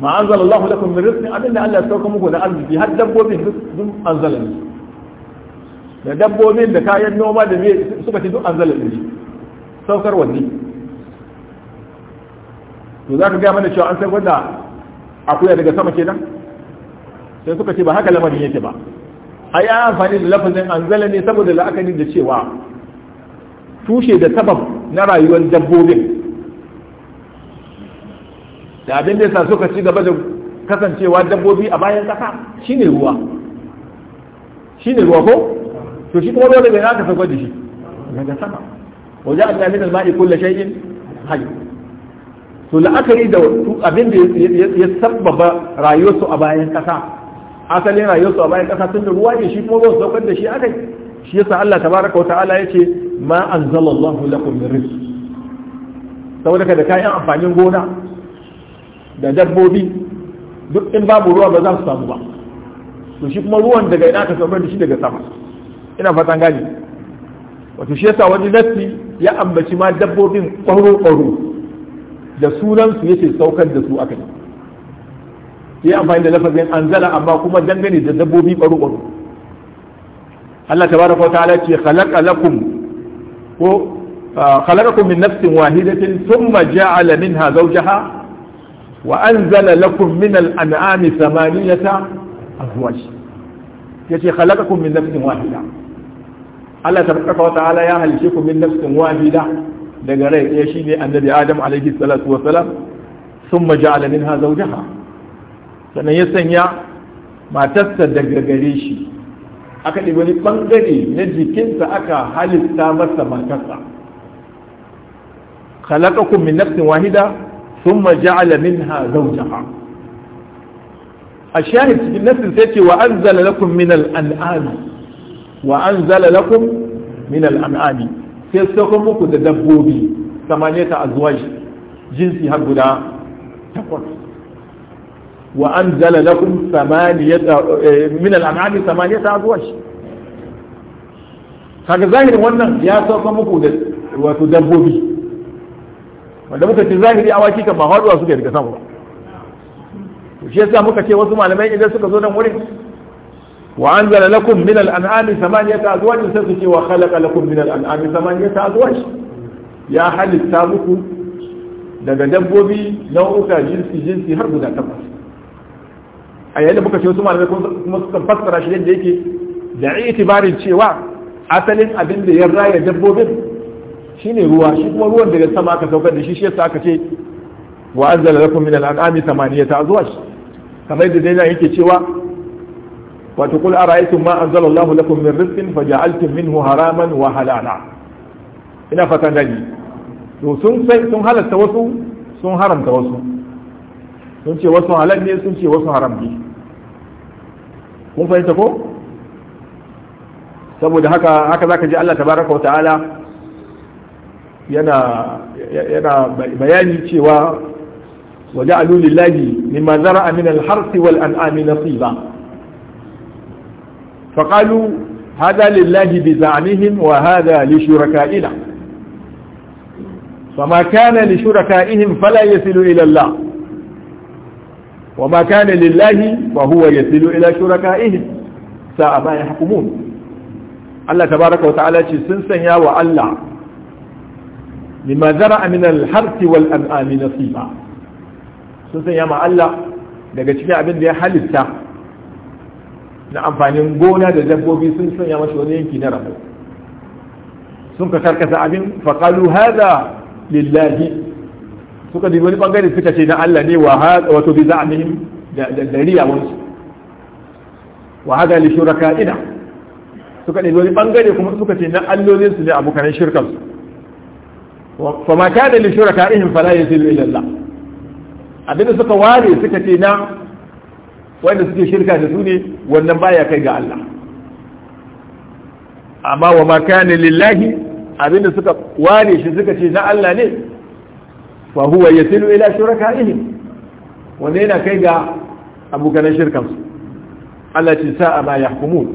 S1: ma anzala Allahu lakum min rizqi abinda Allah ya sauka muku na arziki har dabbobin sun anzala ne da dabbobin da kayan noma da zai suka ci duk an zala ɗin saukar wanne to za ka gaya mana cewa an san wanda akuya daga sama kenan sai suka ce ba haka lamarin yake ba a yi amfani da lafazin an zala ne saboda la'akari da cewa tushe da sabab na rayuwar dabbobin da abin da yasa suka ci gaba da kasancewa dabbobi a bayan ƙasa shine ruwa shine ruwa ko to shi kuma dole ne za ka sauko da shi daga sama waje min al-ma'i kullu shayin hayy to la'akari da abin da ya sabbaba rayuwarsu a bayan kasa asalin rayuwarsu a bayan kasa tun da ruwa ne shi kuma su saukar da shi akai shi yasa Allah tabaraka wa ta'ala yace ma anzalallahu lakum min rizq saboda ka da kayan amfanin gona da dabbobi duk in babu ruwa ba za su samu ba to shi kuma ruwan daga ina ka samu da shi daga sama ina fatan gani wato shi yasa wani nassi ya ambaci ma dabbobin ƙwaro ƙwaro da sunan su yake saukar da su akai sai amfani da lafazin anzala amma kuma dangane da dabbobi ƙwaro ƙwaro Allah tabaraka wa ta'ala ce khalaqa lakum ko خلقكم من نفس واحدة ثم جعل منها زوجها وأنزل لكم من الأنعام ثمانية أزواج يتي خلقكم من نفس واحدة Allah tabaraka wa ta'ala ya halice ku min nafsin wahida daga rai ɗaya shine annabi Adam alaihi salatu wa salam thumma ja'ala minha zawjaha sannan ya sanya matarsa daga gare shi aka ɗibi wani bangare na jikinsa aka halitta masa matarsa khalaqakum min nafsin wahida thumma ja'ala minha zawjaha a shahid cikin nafsin sai ce wa anzala lakum min al-an'am wa anzala lakum min al-an'ami sai saukan muku da dabbobi ta azwaj jinsi har guda takwas wa anzala lakum samaniyata eh, min al-an'ami samaniyata azwaj kaga zahirin wannan ya saukan muku da wato dabbobi wanda muka ci zahiri awaki kan ba haɗuwa suke daga sama ba shi yasa muka ce wasu malamai idan suka zo nan wurin wa anzala lakum min al-an'ami thamaniyata azwaj sai su ce wa khalaqa lakum min al-an'ami thamaniyata azwaj ya halitta muku daga dabbobi nau'uka jinsi jinsi har guda takwas a yayin da muka ce wasu malamai kuma suka fassara shi yadda yake da itibarin cewa asalin abin da ya raya dabbobin shine ruwa shi kuma ruwan daga sama aka saukar da shi shi yasa aka ce wa anzala lakum min al-an'ami thamaniyata azwaj kamar yadda dai yake cewa wato kul ara'aytum ma anzalallahu lakum min rizqin faja'altum minhu haraman wa halala ina fatan dani to sun sai wasu sun haramta wasu sun ce wasu halal ne sun ce wasu haram ne kun fahimta ko saboda haka haka zaka ji Allah ta'ala yana yana bayani cewa وجعلوا لله مما ذرأ من الحرث والأنعام نصيبا فقالوا هذا لله بزعمهم وهذا لشركائنا فما كان لشركائهم فلا يصل إلى الله وما كان لله فهو يصل إلى شركائهم ساء ما يحكمون الله تبارك وتعالى سنسا يا وعلا لما زرع من الحرث والأنعام نصيبا سنسا يا مع الله daga cikin abin da ya halitta na amfanin gona da dabbobi sun sanya mashi wani yanki na rabo sun ka karkasa abin faƙalu haza lillahi suka dubi wani bangare suka ce na Allah ne wa haza wato bi za'amihim da riyawansu wa haza li shuraka'ina suka dubi wani bangare kuma suka ce na allolin su ne abokanan shirkan su fa ma kana li shuraka'ihim fala yasilu ila Allah abinda suka ware suka ce na wanda suke shirka da su ne wannan baya kai ga Allah amma wa ma kana lillahi abinda suka ware shi suka ce na Allah ne fa huwa yasilu ila shurakaihim wanda yana kai ga abokanan shirkan su Allah ce sa'a ma yahkumun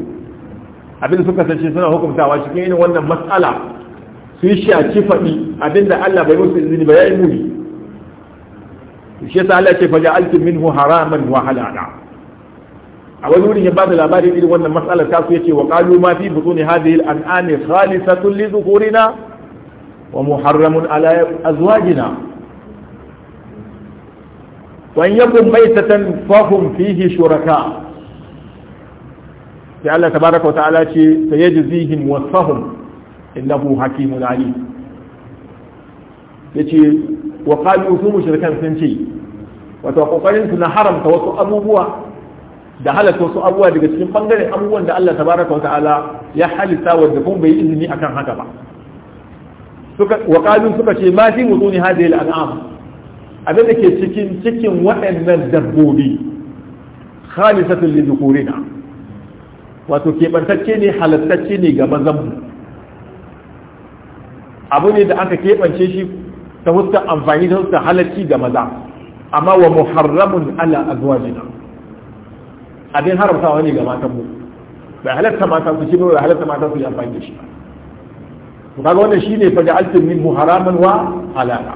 S1: abinda suka sace suna hukuntawa cikin irin wannan matsala. su yi shaci faɗi abinda Allah bai musu izini ba ya yi muni shi yasa Allah ce fa ja'altum minhu haraman wa halala a wani wurin ya ba da labari irin wannan matsalar tasu yace wa qalu ma fi butuni hadhihi al-an'ami khalisatun li zuhurina wa muharramun ala azwajina wa in yakun baytatan fahum fihi shuraka sai Allah tabaraka wa ta'ala ce sayajzihim wa fahum innahu hakimun alim yace wa qalu su mushrikan sun ce wato kokarin su na haramta wasu abubuwa da halatta wasu abubuwa daga cikin bangaren abubuwan da Allah tabaraka wata'ala ya halitta wanda kuma bai izini akan haka ba suka waqalu suka ce ma fi mutuni hadhihi al'am abin da ke cikin cikin waɗannan dabbobi khalisatun li dhukurina wato keɓantacce ne halattacce ne ga mazan mu abu ne da aka keɓance shi ta huskar amfani ta huskar halacci ga maza amma wa muharramun ala azwajina abin haramtawa ne ga matan mu bai halatta mata su ci ba bai halatta mata su yi amfani da shi to kaga wannan shine fa ja'altum min haraman wa halala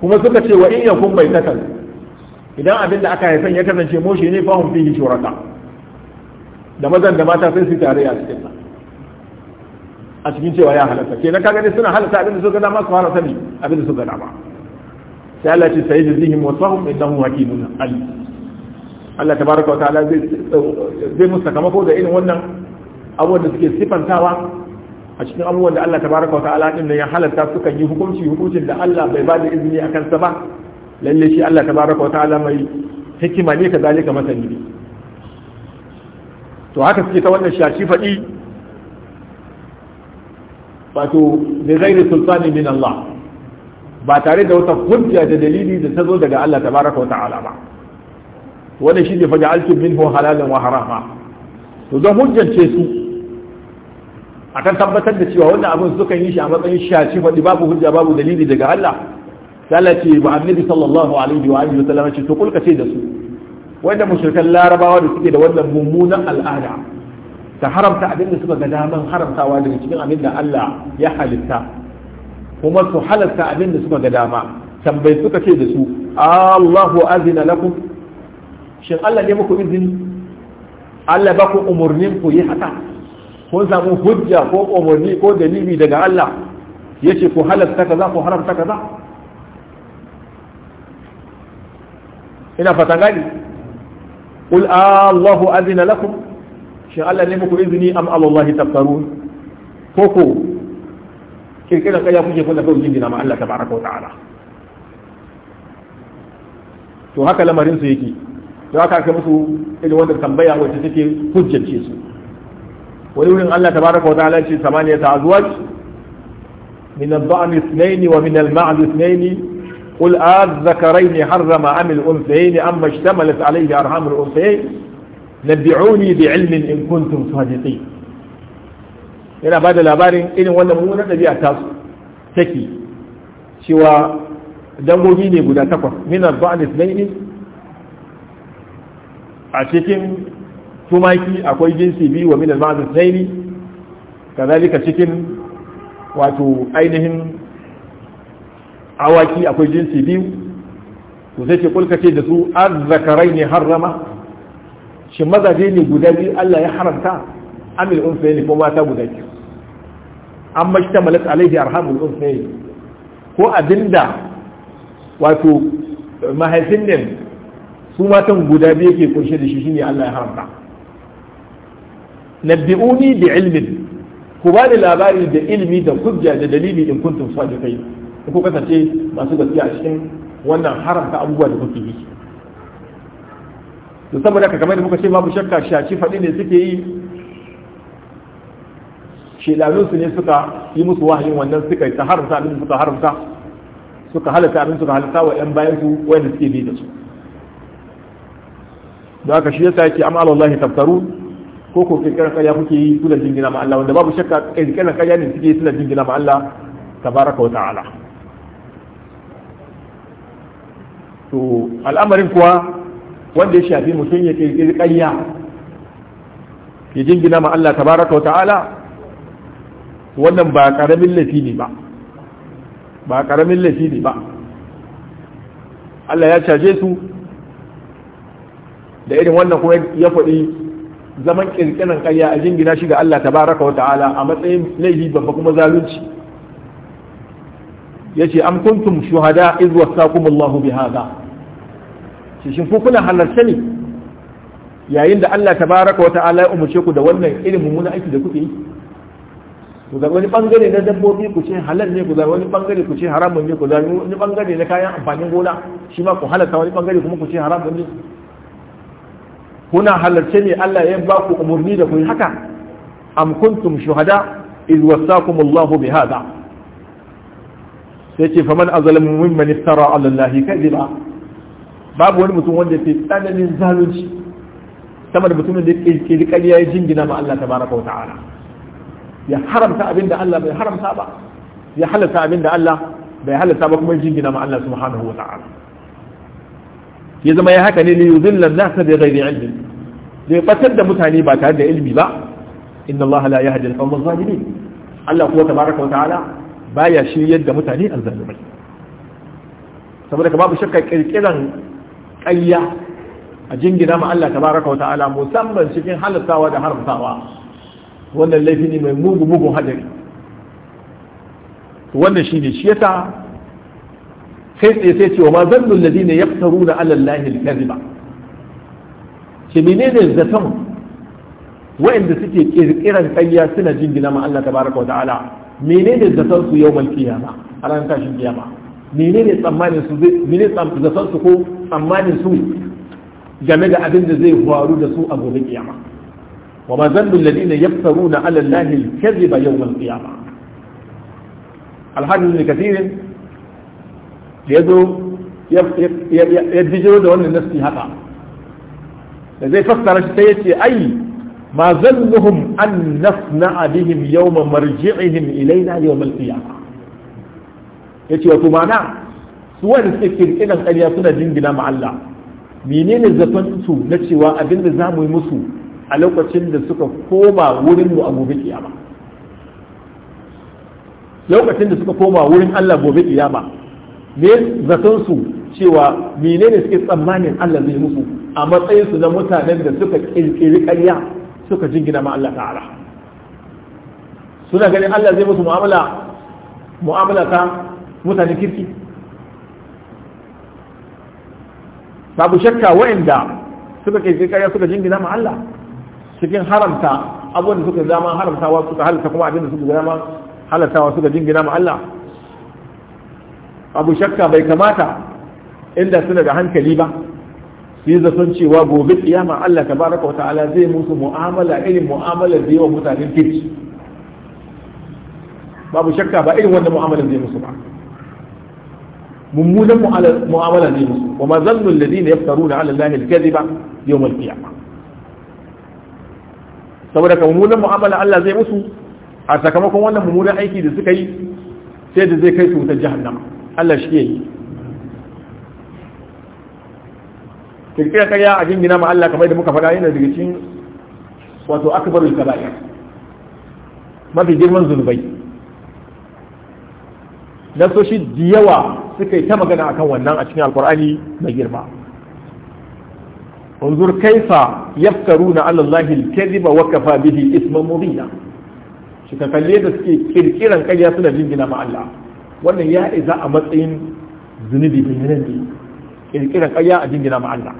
S1: kuma suka ce wa in yakun baitakan idan abin da aka haifan ya kasance moshi ne fa hum fihi shuraka da mazan da mata sai su tare a cikin nan a cikin cewa ya halatta na kaga ne suna halatta abin da suka dama su halatta ne abin da suka dama sai da ce sai jazihim wa sahum innahu hakimun Ali. Allah tabaraka wa ta'ala zai zai musu sakamako da irin wannan abubuwan da suke sifantawa a cikin abubuwan da Allah tabaraka wa ta'ala din ya halatta sukan yi hukunci hukuncin da Allah bai ba da izini a kansa ba lalle shi Allah tabaraka wa ta'ala mai hikima ne kazalika masani ne to haka suke ta wannan shashi faɗi wato da zairi sultani min Allah ba tare da wata hujja da dalili da ta zo daga Allah tabaraka wa ta'ala ba wannan shine fa ja'altum minhu halalan wa harama to don hujjance su akan tabbatar da cewa wannan abin suka yi shi a matsayin shaci faɗi babu hujja babu dalili daga Allah Allah ce ba annabi sallallahu alaihi wa alihi wa sallam ce to kulka ce da su wanda mushrikan larabawa da suke da wannan mummunan al'ada ta haramta abin da suka ga daman haramtawa daga cikin abin da Allah ya halitta kuma su halatta abin da suka ga dama tambayi suka ce da su Allahu azina lakum shin Allah ne muku izini Allah ba ku umurnin ku yi haka kun samu hujja ko umurni ko dalili daga Allah ya ce ku halatta kaza ku haramta kaza ina fatan gani qul Allahu azina lakum shin Allah ne muku izini am Allah tafkarun ko ko kirkirar kaya kuke kuna kawai jingina ma Allah tabaraka wa ta'ala to haka lamarin su yake to haka aka musu irin wannan tambaya wacce take hujjace su wani wurin Allah tabaraka wa ta'ala ce samaniya ta azwaj min al-dha'n ithnayn wa min al-ma'd ithnayn قل الذكرين حرم أم الأنثيين أما اشتملت عليه أرحام الأنثيين نبعوني بعلم إن كنتم صادقين yana ba da labarin irin wannan mummunan ɗabi'a ta su take cewa dangogi ne guda takwas minar na isnaini a cikin tumaki akwai jinsi biyu wa minar ba'an isnaini kazalika cikin wato ainihin awaki akwai jinsi biyu to sai ce kulka ce da su zakarai ne harrama shin mazaje ne guda biyu Allah ya haramta amil unsa ne ko mata guda biyu an mashtamalat alaihi arhamul unsayi ko abinda wato mahaifin din su matan guda biyu ke kunshe da shi shine Allah ya haramta nabbi'uni bi ilmin ku bani labari da ilmi da hujja da dalili in kuntum sadiqai ku kasance masu gaskiya a cikin wannan haramta abubuwa da kuke yi to saboda ka kamar da muka ce babu shakka shaci faɗi ne suke yi su ne suka yi musu wahayin wannan suka yi ta haramta abin suka haramta suka halatta abin suka halatta wa ‘yan bayan su wanda suke bi da su da aka shi yasa yake amma Allah taftaru ko ko kirkirar kaya kuke yi suna jingina ma Allah wanda babu shakka kirkirar kaya ne suke yi suna jingina ma Allah tabaraka wa ta'ala to al'amarin kuwa wanda ya shafi mutum ya kirkiri kaya ya jingina ma Allah tabaraka wa ta'ala wannan ba karamin laifi ne ba ba karamin laifi ne ba Allah ya caje su da irin wannan kuma ya faɗi zaman kirkiran ƙarya a jingina shi ga Allah tabaraka wa ta'ala a matsayin laifi babba kuma zalunci ce an kuntum shuhada iz wasakum Allah bi hada shi shin ku kuna halarta ne yayin da Allah tabaraka wa ta'ala ya umarce ku da wannan irin mummunan aiki da kuke yi ku zaɓi wani bangare na dabbobi ku ce halal ne ku zaɓi wani bangare ku ce haramun ne ku zaɓi wani bangare na kayan amfanin gona shi ma ku halarta wani bangare kuma ku ce haramun ne kuna halarce ne Allah ya ba ku umarni da ku yi haka am kuntum shuhada iz wasakum Allahu bi hada sai ce faman azlamu mimman iftara ala Allah kadhiba babu wani mutum wanda ke tsananin zalunci sama da mutumin da ke ƙirƙiri ya jingina ma Allah tabaraka wa ta'ala ya haramta abin da Allah bai haramta ba ya halatta abin da Allah bai halatta ba kuma jingina ma Allah subhanahu wa ta'ala ya zama ya haka ne li yudilla an-nas bi ghairi ilmi da batar da mutane ba tare da ilmi ba inna Allah la yahdi al-qawm adh-dhalimin Allah kuwa tabaraka wa ta'ala baya shiryar da mutane azzalimai saboda babu shakka kirkiran ƙayya a jingina ma Allah tabaraka wa ta'ala musamman cikin halattawa da haramtawa wannan laifi ne mai mugu mugun hadari wannan shi ne shi yasa kai tsaye sai ce wa ma zannu alladhina yaftaruna ala allahi ba ce menene zaton wa'anda suke kirkiran ƙarya suna jingina ma Allah tabaraka wa ta'ala menene zaton su yawmal qiyama a ranar tashin kiyama menene tsammanin su menene zaton su ko tsammanin su game da abin da zai faru da su a gobe kiyama وما ذنب الذين يفترون على الله الكذب يوم القيامة الحاجة من كثير يدعو يدجروا دون الناس هكا زي فسر سيأتي أي ما ظنهم أن نصنع بهم يوم مرجعهم إلينا يوم القيامة يأتي وتمانا سواء الفكر إن أن يصنع دين بنا مع الله منين الزفن سو نتشوا وأبن زامو يمسو a lokacin da suka koma wurin mu a gobe kiyama lokacin da suka koma wurin Allah gobe kiyama ne zaton su cewa menene suke tsammanin Allah zai musu a matsayin su na mutanen da suka kirkiri ƙarya suka jingina ma Allah ta'ala suna ganin Allah zai musu mu'amala mu'amala ta mutanen kirki babu shakka wa'anda suka kirkiri ƙarya suka jingina ma Allah cikin haramta abubuwan da suka zama haramtawa suka halatta kuma abin da suka zama halattawa suka jingina ma Allah abu shakka bai kamata inda suna da hankali ba su yi zaton cewa gobe kiyama Allah tabaraka wa ta'ala zai musu mu'amala irin mu'amala da yawan mutanen kirki babu shakka ba irin wanda mu'amala zai musu ba mummunan mu'amala zai musu wa ma zannu alladhina yaftaruna ala allahi al-kadhiba yawm al-qiyamah saboda ka mummunan mu'amala Allah zai musu a sakamakon wannan mummunan aiki da suka yi sai da zai kai su wutar jahannama Allah shi ke yi kirkira karya a jingina ma Allah kamar da muka faɗa yana daga cikin wato akbarul kaba'i mafi girman zunubai nasoshi da yawa suka yi ta magana akan wannan a cikin alkur'ani mai girma انظر كيف يفترون على الله الكذب وكفى به اسما مبينا shi ka kalle da suke kirkiran ƙarya suna jingina ma wannan ya isa a matsayin zunubi bayanan ne kirkiran ƙarya a jingina ma Allah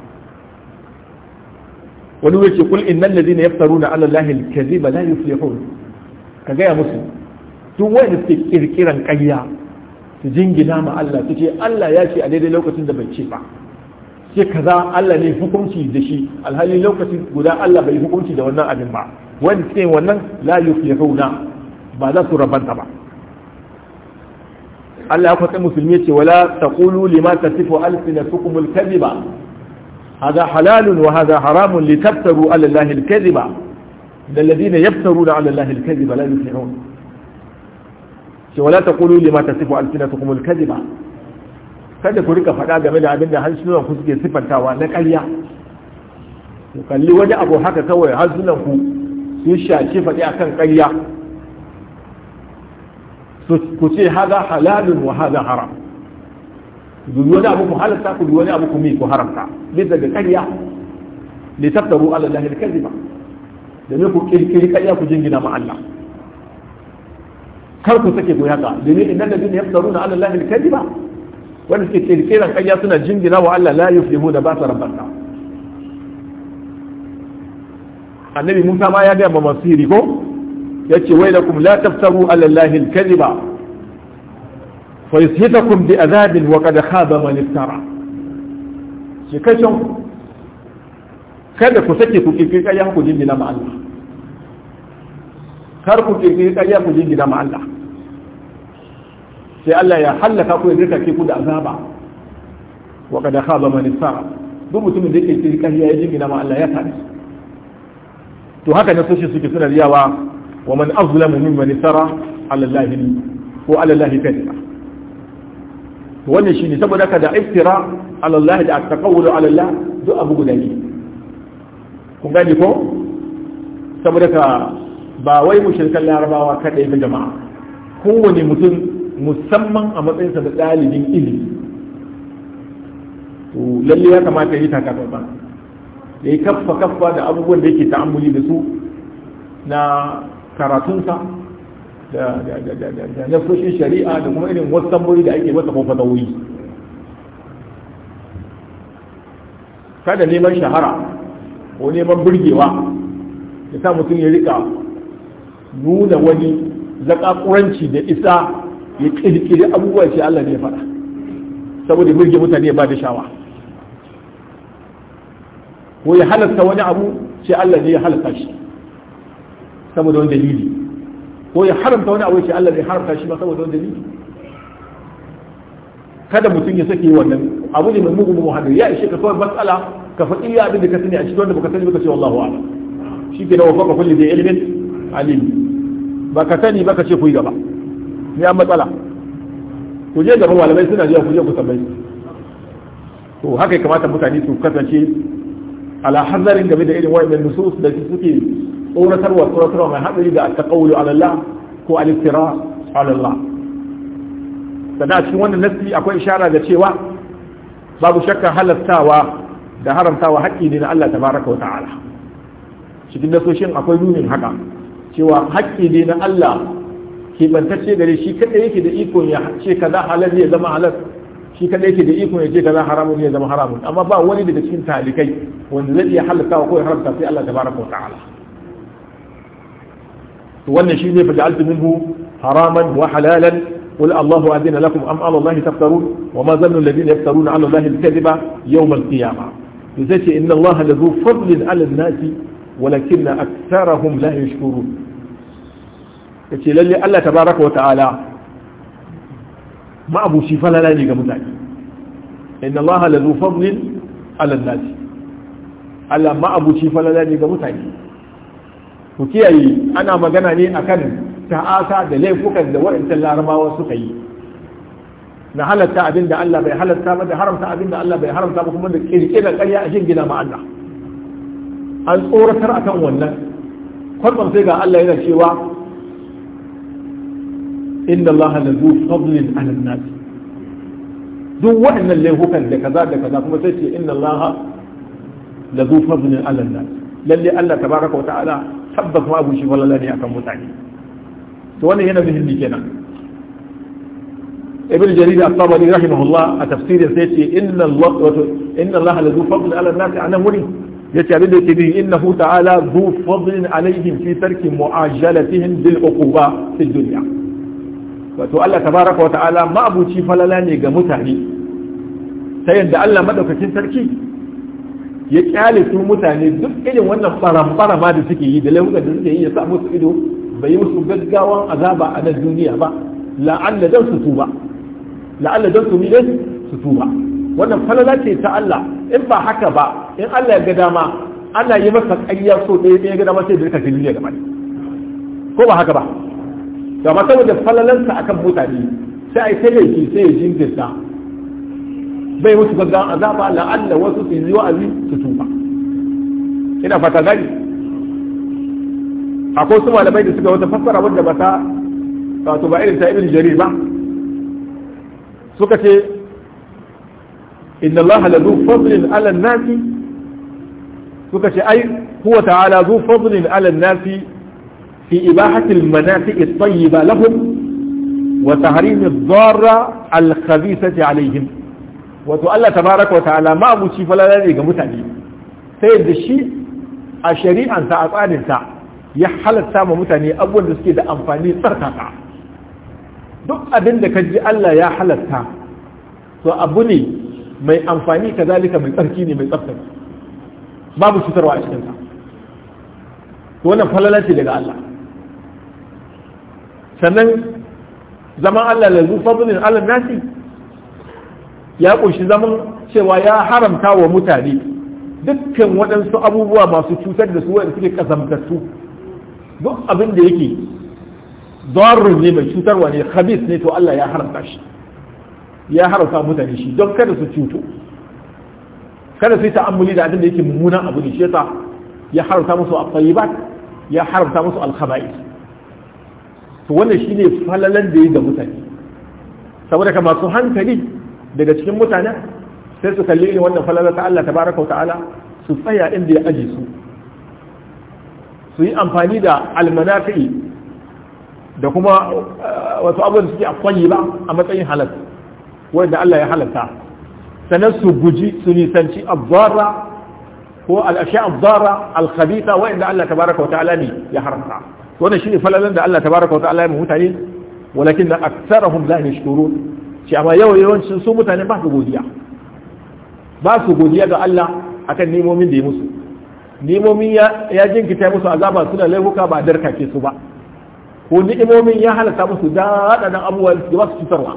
S1: wani wai ce kul innal ladina yaftaruna ala allahi alkaziba la yuflihun ka gaya musu duk wanda suke kirkiran ƙarya su jingina ma Allah Allah ya ce a daidai lokacin da bai ce ba ce kaza Allah ne hukunci da shi alhali lokaci guda Allah bai hukunci da wannan abin ba wani ce wannan la yuflihuna ba za su rabanta ba Allah ya kwatsa musulmi ce wala taqulu lima tasifu alsinatukum alkadhiba hada halalun wa hada haramun litaftaru ala allahi alkadhiba da alladhina yaftaruna ala allahi alkadhiba la yuflihun ce wala taqulu lima tasifu alsinatukum alkadhiba kada ku rika faɗa game da abin da harsunan ku suke siffantawa na ƙarya ku kalli wani abu haka kawai harsunan sun shaci faɗi a kan ƙarya ku ce haza halalun wa haza haram duk wani abu ku halarta ku duk wani abu ku mi ku haramta bisa ga ƙarya li taftaru ala lahi al-kadhiba domin ku kirkiri ƙarya ku jingina ma Allah kar ku sake ku haka domin innal ladina yaftaruna ala lahi al-kadhiba wanda suke kirkiran ƙarya suna jingina wa Allah la yuflihu da ba ta rabbanta annabi Musa ma ya ga ba masiri ko yace wailakum la taftaru ala Allah al-kadhiba fa yushitakum bi adhabin wa qad khaba man iftara shi kashin kada ku sake ku kirkiri ƙarya ku jingina ma Allah kar ku kirkiri ƙarya ku jingina ma Allah sai Allah ya hallaka ku ya zirka ku da azaba wa kad khaba man isara duk mutumin da yake cikin kariya ya jingina ma Allah ya tare to haka ne soshi suke suna riyawa wa man azlamu mimman isara ala Allah ko ala Allah kadira wannan shine saboda kada da iftira ala Allah da taqawul ala Allah duk abu guda ne kun gani ko saboda ka ba wai mushrikan larabawa kadai ba jama'a kowane mutum musamman a matsayinsa da ɗalibin ilimi to lalle ya kamata ya yi takatsantsan ya yi kaffa kaffa da abubuwan da yake ta'ammuli da su na karatunsa da nasoshin shari'a da kuma irin wasu tambari da ake masa ko fatawoyi kada neman shahara ko neman burgewa ya sa mutum ya rika nuna wani zakakuranci da isa ya ƙirƙiri abubuwa ce Allah ne ya faɗa saboda mirge mutane ya ba da shawa ko ya halatta wani abu ce Allah ne ya halatta shi saboda wani dalili ko ya haramta wani abu ce Allah ne ya haramta shi ba saboda wani dalili kada mutum ya sake wannan abu ne mai mugun muhammadu ya ishe ka kawai matsala ka faɗi ya abin da ka sani a cikin wanda baka sani baka ce wallahu a'lam shi ke da wafaka kulli da ilimin alim ka sani baka ce ku yi gaba ya matsala ku je gaban malamai suna jiya ku je ku tambayi to haka ya kamata mutane su kasance ala hanzarin game da irin wa'annan nusus da suke tsoratarwa tsoratarwa mai haɗari da ta ƙaulu ala ko al-iftira ala Allah sannan cikin wannan nasi akwai ishara da cewa babu shakka halattawa da haramtawa haƙƙi ne na Allah tabaraka wa ta'ala cikin nasoshin akwai nunin haka cewa haƙƙi ne na Allah kibantacce gare shi kadai yake da ikon ya ce kaza halal ya zama halal shi kadai yake da ikon ya ce kaza haramun ya zama haramun amma ba wani daga cikin talikai wanda zai iya halatta ko ya haramta sai Allah tabaraka wa to wannan shi ne faja'altu minhu haraman wa halalan قل الله أذن لكم أم على الله تفترون وما ظن الذين يفترون على الله الكذب يوم القيامة يزكي إن الله لذو فضل على الناس ولكن أكثرهم لا يشكرون ka ce lalle Allah tabaraka wa ta'ala shi falala ne ga mutane inna Allah la zu fadlin ala nas Allah shi falala ne ga mutane ku kiyaye ana magana ne akan ta'asa da laifukan da wa'anta larabawa suka yi na halatta abin da Allah bai halatta ba da haramta abin da Allah bai haramta ba kuma da kirkira ƙarya a shin gina ma Allah an tsoratar akan wannan kwatsam sai ga Allah yana cewa إن الله لذو فضل على الناس دو وعنا اللي هو كان كذا كذا كما تشي إن الله لذو فضل على الناس للي الله تبارك وتعالى حبك ما أبو شفال الله يأكم متعني سواني هنا بهم بكنا ابن جرير الطبري رحمه الله تفسير يسيتي ان الله ان الله لذو فضل على الناس انا مولي يتي ابن جرير انه تعالى ذو فضل عليهم في ترك معاجلتهم بالعقوبة في الدنيا wato Allah tabaraka wata'ala ma'abuci falala ne ga mutane ta yadda Allah madaukakin sarki ya kyale su mutane duk irin wannan barambara ma da suke yi da laifukan da suke yi ya sa musu ido bai yi musu gaggawan azaba a nan duniya ba la'alla dan su tuba la'alla dan su midan su tuba wannan falala ce ta Allah in ba haka ba in Allah ya ga dama ana yi masa kariya so ɗaya ɗaya ga dama sai da rika filin ya gaba ko ba haka ba amma saboda falalansa akan mutane sai ai sai laifi sai ya jinkirta bai musu banza azaba la'alla wasu su yi wa'azi su tuba ina fata gani akwai su malamai da suka wata fassara wanda ba ta wato ba irin ta ibn jarir ba suka ce inna allaha la zu fadlin ala nasi suka ce ai huwa ta'ala zu fadlin ala nasi fi ibahatil manafi'i tayyiba lahum wa tahrimi dharra al khabithati alaihim wato Allah tabaraka wa ta'ala ma abuci falala ne ga mutane sai da shi a shari'ansa a tsarinsa ya halarta wa mutane abubuwan da suke da amfani tsarkaka duk abinda ka ji Allah ya halatta to abu ne mai amfani kazalika mai tsarki ne mai babu a daga Allah sannan zaman Allah lazu fadlin Allah nasi ya ƙunshi zaman cewa ya haramta wa mutane dukkan waɗansu abubuwa masu cutar da su waɗanda suke kazamtattu duk abin da yake zarrun ne mai cutarwa ne khabis ne to Allah ya haramta shi ya haramta mutane shi don kada su cuto kada su yi ta'ammuli da abin da yake mummunan abu ne shi ya haramta musu al ya haramta musu al-khaba'is to wannan shine falalan da yi ga mutane saboda ka masu hankali daga cikin mutane sai su kalli irin wannan falalar ta Allah tabaraka ta'ala su tsaya inda ya aji su su yi amfani da almanafi da kuma eh, wasu abubuwan suke a kwanyi ba a matsayin halatta wanda Allah ya halatta sannan su guji su nisanci azzara ko al'ashe abzara al-khabitha wanda Allah tabaraka ta'ala ne ya haramta wannan shine falalan da Allah tabaraka wa ta'ala ya mutane walakin da aktsarahum la yashkurun shi amma yawa yawancin su mutane ba su godiya ba su godiya ga Allah akan nimomin da ya musu nemomin ya jinkita musu azaba suna laifuka ba darkake su ba ko ni'imomin ya halata musu daɗaɗan abubuwa da ba su cutarwa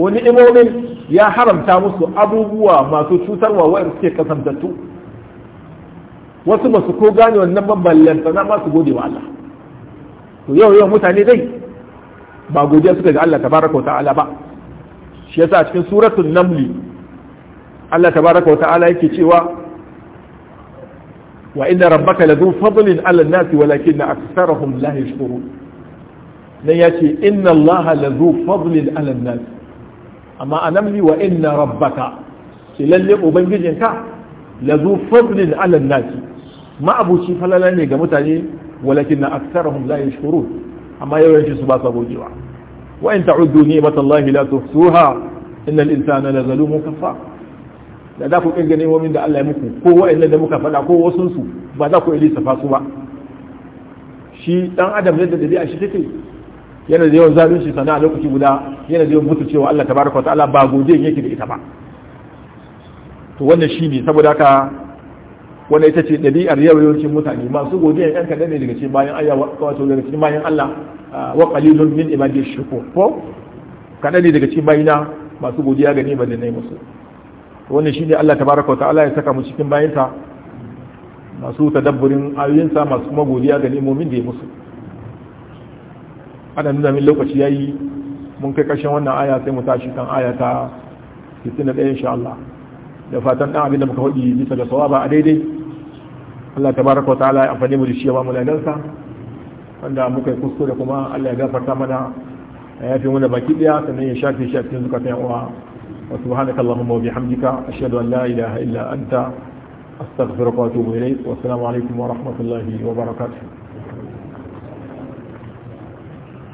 S1: ko ni'imomin ya haramta musu abubuwa masu cutarwa wa'in suke kasantattu wasu ba su ko gane wannan babban sana ba su gode wa Allah to yau yau mutane dai ba godiya suka ga Allah tabaraka wa ta'ala ba shi yasa cikin suratul namli Allah tabaraka wa ta'ala yake cewa wa inna rabbaka ladhu fadlin 'ala an-nasi walakinna aktharuhum la yashkurun dan yace inna Allah ladhu fadlin 'ala an-nas amma anamli wa inna rabbaka shi lalle ubangijinka ladhu fadlin 'ala an-nasi ma'abuci falala ne ga mutane walakin na aksarahum la yashkurun amma yawanci su ba sa gogewa wa in ta'uddu Allah la tuhsuha innal insana la zalumun kafar da za ku kirga nemomin da Allah ya muku ko wa'annan da muka faɗa ko wasun su ba za ku yi lissafa su ba shi dan adam yadda dabi'a shi take yana da yawan zalunci sana a lokaci guda yana da yawan mutucewa Allah tabaraka wa ta'ala ba godiyan yake da ita ba to wannan shi ne saboda haka wanda ita ce ɗabi'ar yau yawancin mutane masu godiya yan kaɗan ne daga cikin bayan Allah wato daga cikin bayan Allah wa qalilun min ibadi shukur ko kaɗan ne daga cikin bayina masu godiya ga ni'imar da nayi musu wannan shine Allah tabaraka wa ta'ala ya saka mu cikin bayinsa masu tadabburin ayoyinsa masu kuma godiya ga ni'imomin da ya musu ana nuna min lokaci yayi mun kai ƙarshen wannan aya sai mu tashi kan aya ta 61 insha Allah da fatan dan abin da muka hudi bisa ga sawaba a daidai Allah tabaraka wa ta'ala ya amfani mu da shi ya ba mu ladansa wanda muka yi kuskure kuma Allah ya gafarta mana ya yafi mana baki ɗaya sannan ya shafi shi a cikin zukatan yan uwa wa subhanaka allahumma wa bihamdika ashhadu an la ilaha illa anta astaghfiruka wa atubu ilayk wa assalamu alaikum wa rahmatullahi wa barakatuh